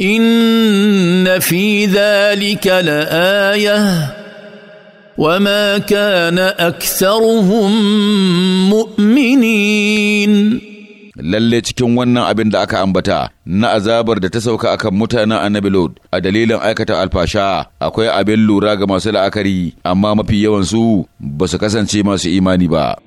ان في ذلك لايه وما كان اكثرهم مؤمنين lalle cikin wannan abin da aka ambata na azabar da ta sauka akan mutanen annabi lod a dalilin aikata alfasha akwai abin lura ga masu la'akari amma mafi yawansu ba su kasance masu imani ba